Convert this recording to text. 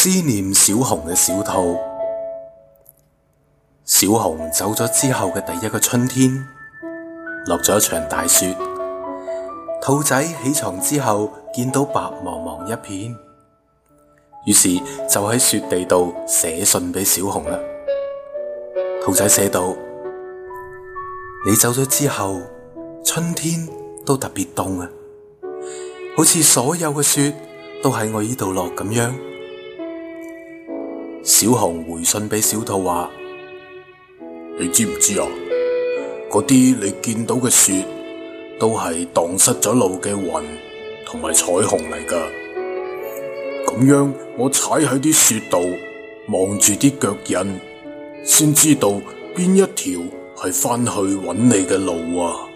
思念小熊嘅小兔，小熊走咗之後嘅第一個春天，落咗一場大雪。兔仔起床之後，見到白茫茫一片，於是就喺雪地度寫信俾小熊啦。兔仔寫到：你走咗之後，春天都特別凍啊，好似所有嘅雪都喺我呢度落咁樣。小熊回信俾小兔話：你知唔知啊？嗰啲你見到嘅雪，都係蕩失咗路嘅雲同埋彩虹嚟㗎。咁樣，我踩喺啲雪度，望住啲腳印，先知道邊一條係返去揾你嘅路啊！